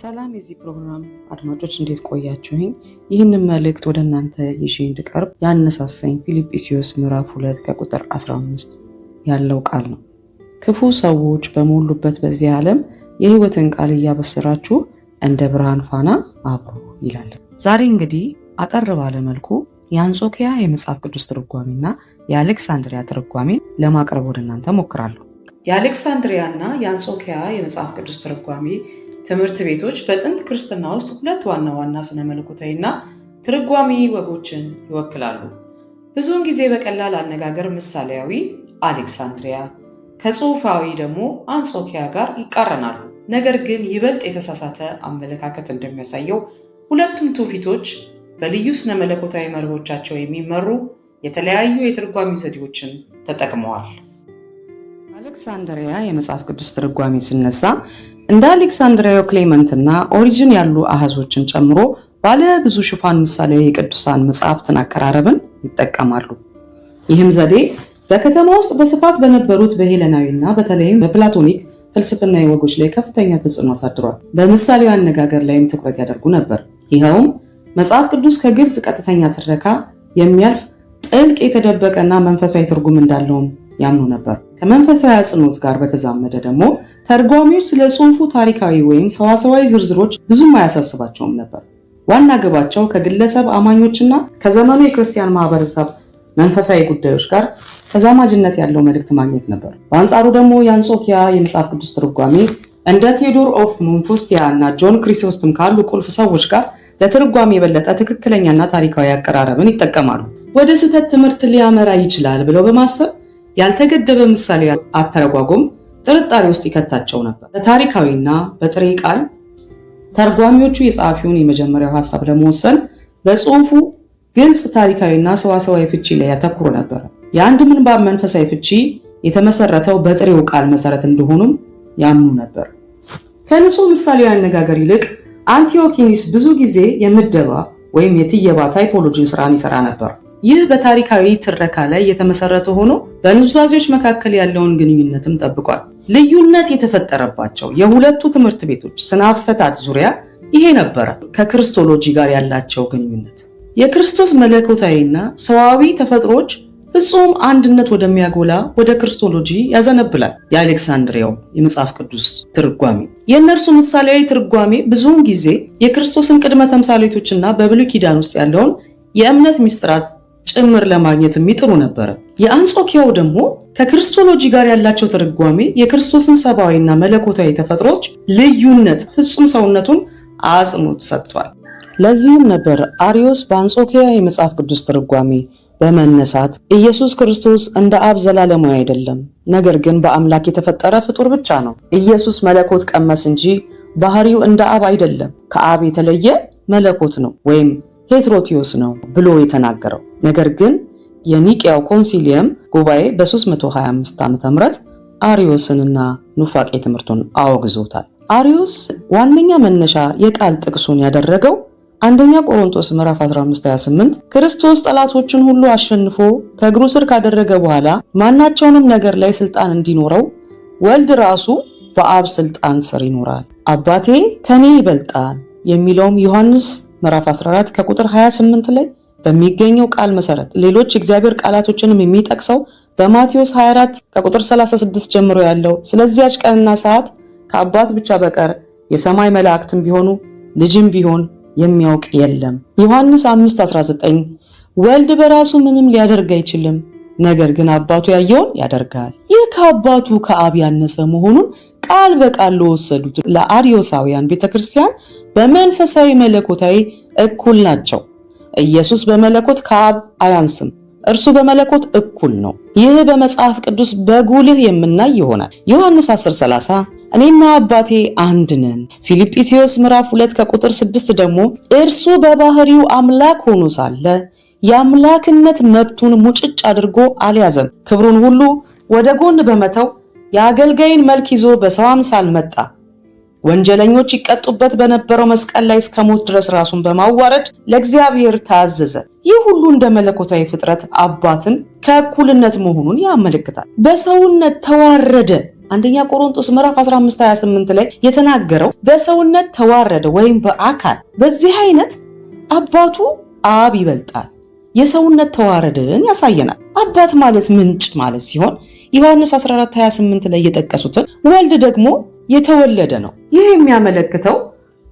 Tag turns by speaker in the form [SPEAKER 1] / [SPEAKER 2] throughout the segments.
[SPEAKER 1] ሰላም የዚህ ፕሮግራም አድማጮች እንዴት ቆያችሁኝ? ይህንን መልእክት ወደ እናንተ ይዤ እንድቀርብ ያነሳሳኝ ፊልጵስዩስ ምዕራፍ 2 ከቁጥር 15 ያለው ቃል ነው። ክፉ ሰዎች በሞሉበት በዚህ ዓለም የህይወትን ቃል እያበሰራችሁ እንደ ብርሃን ፋና አብሩ ይላል። ዛሬ እንግዲህ አጠር ባለ መልኩ የአንጾኪያ የመጽሐፍ ቅዱስ ትርጓሜና የአሌክሳንድሪያ ትርጓሜ ለማቅረብ ወደ እናንተ ሞክራለሁ። የአሌክሳንድሪያና የአንጾኪያ የመጽሐፍ ቅዱስ ትርጓሜ ትምህርት ቤቶች በጥንት ክርስትና ውስጥ ሁለት ዋና ዋና ስነ መለኮታዊና ትርጓሚ ወጎችን ይወክላሉ። ብዙውን ጊዜ በቀላል አነጋገር ምሳሌያዊ አሌክሳንድሪያ ከጽሑፋዊ ደግሞ አንጾኪያ ጋር ይቃረናሉ። ነገር ግን ይበልጥ የተሳሳተ አመለካከት እንደሚያሳየው ሁለቱም ትውፊቶች በልዩ ስነ መለኮታዊ መርሆቻቸው የሚመሩ የተለያዩ የትርጓሚ ዘዴዎችን ተጠቅመዋል። አሌክሳንድሪያ የመጽሐፍ ቅዱስ ትርጓሜ ሲነሳ እንደ አሌክሳንድሪያዊ ክሌመንት እና ኦሪጅን ያሉ አሃዞችን ጨምሮ ባለ ብዙ ሽፋን ምሳሌ የቅዱሳን መጽሐፍትን አቀራረብን ይጠቀማሉ። ይህም ዘዴ በከተማ ውስጥ በስፋት በነበሩት በሄለናዊ እና በተለይም በፕላቶኒክ ፍልስፍናዊ ወጎች ላይ ከፍተኛ ተጽዕኖ አሳድሯል። በምሳሌው አነጋገር ላይም ትኩረት ያደርጉ ነበር። ይኸውም መጽሐፍ ቅዱስ ከግልጽ ቀጥተኛ ትረካ የሚያልፍ ጥልቅ የተደበቀና መንፈሳዊ ትርጉም እንዳለውም ያምኑ ነበር። ከመንፈሳዊ አጽንኦት ጋር በተዛመደ ደግሞ ተርጓሚው ስለ ጽሑፉ ታሪካዊ ወይም ሰዋሰዋዊ ዝርዝሮች ብዙም አያሳስባቸውም ነበር። ዋና ግባቸው ከግለሰብ አማኞችና ከዘመኑ የክርስቲያን ማህበረሰብ መንፈሳዊ ጉዳዮች ጋር ተዛማጅነት ያለው መልእክት ማግኘት ነበር። በአንጻሩ ደግሞ የአንጾኪያ የመጽሐፍ ቅዱስ ትርጓሜ እንደ ቴዎዶር ኦፍ ሞንፎስቲያ እና ጆን ክሪሶስትም ካሉ ቁልፍ ሰዎች ጋር ለትርጓሜ የበለጠ ትክክለኛና ታሪካዊ አቀራረብን ይጠቀማሉ። ወደ ስህተት ትምህርት ሊያመራ ይችላል ብለው በማሰብ ያልተገደበ ምሳሌ አተረጓጎም ጥርጣሬ ውስጥ ይከታቸው ነበር። በታሪካዊና በጥሬ ቃል ተርጓሚዎቹ የጸሐፊውን የመጀመሪያው ሀሳብ ለመወሰን በጽሁፉ ግልጽ ታሪካዊና ሰዋሰዋዊ ፍቺ ላይ ያተኩሩ ነበር። የአንድ ምንባብ መንፈሳዊ ፍቺ የተመሰረተው በጥሬው ቃል መሰረት እንደሆኑም ያምኑ ነበር። ከንጹህ ምሳሌያዊ አነጋገር ይልቅ አንቲዮኪኒስ ብዙ ጊዜ የምደባ ወይም የትየባ ታይፖሎጂ ስራን ይሰራ ነበር። ይህ በታሪካዊ ትረካ ላይ የተመሰረተ ሆኖ በኑዛዜዎች መካከል ያለውን ግንኙነትም ጠብቋል። ልዩነት የተፈጠረባቸው የሁለቱ ትምህርት ቤቶች ስነ አፈታት ዙሪያ ይሄ ነበረ ከክርስቶሎጂ ጋር ያላቸው ግንኙነት። የክርስቶስ መለኮታዊና ሰዋዊ ተፈጥሮዎች ፍጹም አንድነት ወደሚያጎላ ወደ ክርስቶሎጂ ያዘነብላል። የአሌክሳንድሪያው የመጽሐፍ ቅዱስ ትርጓሜ የእነርሱ ምሳሌያዊ ትርጓሜ ብዙውን ጊዜ የክርስቶስን ቅድመ ተምሳሌቶችና በብሉይ ኪዳን ውስጥ ያለውን የእምነት ሚስጥራት ጭምር ለማግኘት የሚጥሩ ነበረ። የአንጾኪያው ደግሞ ከክርስቶሎጂ ጋር ያላቸው ትርጓሜ የክርስቶስን ሰብአዊና መለኮታዊ ተፈጥሮች ልዩነት፣ ፍጹም ሰውነቱን አጽንኦት ሰጥቷል። ለዚህም ነበር አሪዮስ በአንጾኪያ የመጽሐፍ ቅዱስ ትርጓሜ በመነሳት ኢየሱስ ክርስቶስ እንደ አብ ዘላለማዊ አይደለም፣ ነገር ግን በአምላክ የተፈጠረ ፍጡር ብቻ ነው። ኢየሱስ መለኮት ቀመስ እንጂ ባህሪው እንደ አብ አይደለም፣ ከአብ የተለየ መለኮት ነው ወይም ሄትሮቲዮስ ነው ብሎ የተናገረው። ነገር ግን የኒቅያው ኮንሲሊየም ጉባኤ በ325 ዓ ም አሪዮስንና ኑፋቄ ትምህርቱን አወግዞታል። አሪዮስ ዋነኛ መነሻ የቃል ጥቅሱን ያደረገው አንደኛ ቆሮንቶስ ምዕራፍ 15:28 ክርስቶስ ጠላቶችን ሁሉ አሸንፎ ከእግሩ ስር ካደረገ በኋላ ማናቸውንም ነገር ላይ ስልጣን እንዲኖረው ወልድ ራሱ በአብ ስልጣን ስር ይኖራል፣ አባቴ ከኔ ይበልጣል የሚለውም ዮሐንስ ምዕራፍ 14 ከቁጥር 28 ላይ በሚገኘው ቃል መሰረት ሌሎች የእግዚአብሔር ቃላቶችንም የሚጠቅሰው በማቴዎስ 24 ከቁጥር 36 ጀምሮ ያለው ስለዚያች ቀንና ሰዓት ከአባት ብቻ በቀር የሰማይ መላእክትም ቢሆኑ ልጅም ቢሆን የሚያውቅ የለም። ዮሐንስ 5:19 ወልድ በራሱ ምንም ሊያደርግ አይችልም ነገር ግን አባቱ ያየውን ያደርጋል። ይህ ከአባቱ ከአብ ያነሰ መሆኑን ቃል በቃል ለወሰዱት ለአርዮሳውያን ቤተ ክርስቲያን በመንፈሳዊ መለኮታዊ እኩል ናቸው። ኢየሱስ በመለኮት ከአብ አያንስም፣ እርሱ በመለኮት እኩል ነው። ይህ በመጽሐፍ ቅዱስ በጉልህ የምናይ ይሆናል። ዮሐንስ 10:30 እኔና አባቴ አንድ ነን። ፊልጵስዩስ ምዕራፍ 2 ከቁጥር 6 ደግሞ እርሱ በባህሪው አምላክ ሆኖ ሳለ የአምላክነት መብቱን ሙጭጭ አድርጎ አልያዘም። ክብሩን ሁሉ ወደ ጎን በመተው የአገልጋይን መልክ ይዞ በሰው አምሳል መጣ። ወንጀለኞች ይቀጡበት በነበረው መስቀል ላይ እስከ ሞት ድረስ ራሱን በማዋረድ ለእግዚአብሔር ታዘዘ። ይህ ሁሉ እንደ መለኮታዊ ፍጥረት አባትን ከእኩልነት መሆኑን ያመለክታል። በሰውነት ተዋረደ። አንደኛ ቆሮንቶስ ምዕራፍ 15 28 ላይ የተናገረው በሰውነት ተዋረደ ወይም በአካል በዚህ አይነት አባቱ አብ ይበልጣል። የሰውነት ተዋረድን ያሳየናል። አባት ማለት ምንጭ ማለት ሲሆን ዮሐንስ 14:28 ላይ የጠቀሱትን ወልድ ደግሞ የተወለደ ነው። ይህ የሚያመለክተው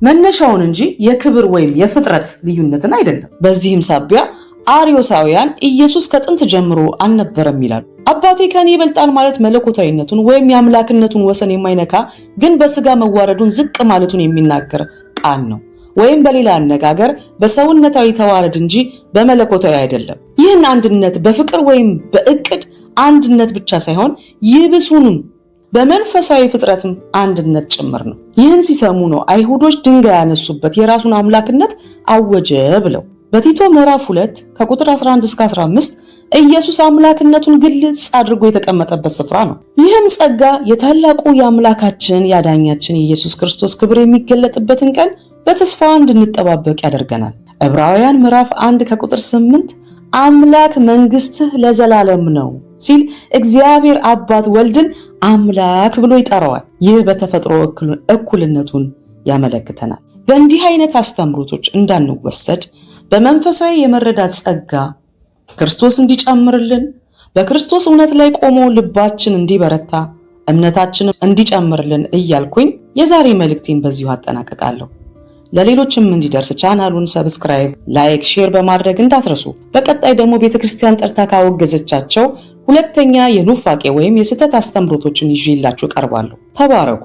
[SPEAKER 1] መነሻውን እንጂ የክብር ወይም የፍጥረት ልዩነትን አይደለም። በዚህም ሳቢያ አርዮሳውያን ኢየሱስ ከጥንት ጀምሮ አልነበረም ይላሉ። አባቴ ከኔ ይበልጣል ማለት መለኮታዊነቱን ወይም የአምላክነቱን ወሰን የማይነካ ግን በስጋ መዋረዱን ዝቅ ማለቱን የሚናገር ቃል ነው። ወይም በሌላ አነጋገር በሰውነታዊ ተዋረድ እንጂ በመለኮታዊ አይደለም። ይህን አንድነት በፍቅር ወይም በእቅድ አንድነት ብቻ ሳይሆን ይብሱንም በመንፈሳዊ ፍጥረትም አንድነት ጭምር ነው። ይህን ሲሰሙ ነው አይሁዶች ድንጋይ ያነሱበት የራሱን አምላክነት አወጀ ብለው። በቲቶ ምዕራፍ 2 ከቁጥር 11 እስከ 15 ኢየሱስ አምላክነቱን ግልጽ አድርጎ የተቀመጠበት ስፍራ ነው። ይህም ጸጋ የታላቁ የአምላካችን የአዳኛችን የኢየሱስ ክርስቶስ ክብር የሚገለጥበትን ቀን በተስፋ እንድንጠባበቅ ያደርገናል። ዕብራውያን ምዕራፍ አንድ ከቁጥር ስምንት አምላክ መንግሥትህ ለዘላለም ነው ሲል እግዚአብሔር አባት ወልድን አምላክ ብሎ ይጠራዋል። ይህ በተፈጥሮ እኩልነቱን ያመለክተናል። በእንዲህ አይነት አስተምሮቶች እንዳንወሰድ በመንፈሳዊ የመረዳት ጸጋ ክርስቶስ እንዲጨምርልን በክርስቶስ እውነት ላይ ቆሞ ልባችን እንዲበረታ እምነታችን እንዲጨምርልን እያልኩኝ የዛሬ መልእክቴን በዚሁ አጠናቀቃለሁ። ለሌሎችም እንዲደርስ ቻናሉን ሰብስክራይብ፣ ላይክ፣ ሼር በማድረግ እንዳትረሱ። በቀጣይ ደግሞ ቤተክርስቲያን ጠርታ ካወገዘቻቸው ሁለተኛ የኑፋቄ ወይም የስህተት አስተምሮቶችን ይዤላችሁ ቀርባለሁ። ተባረኩ።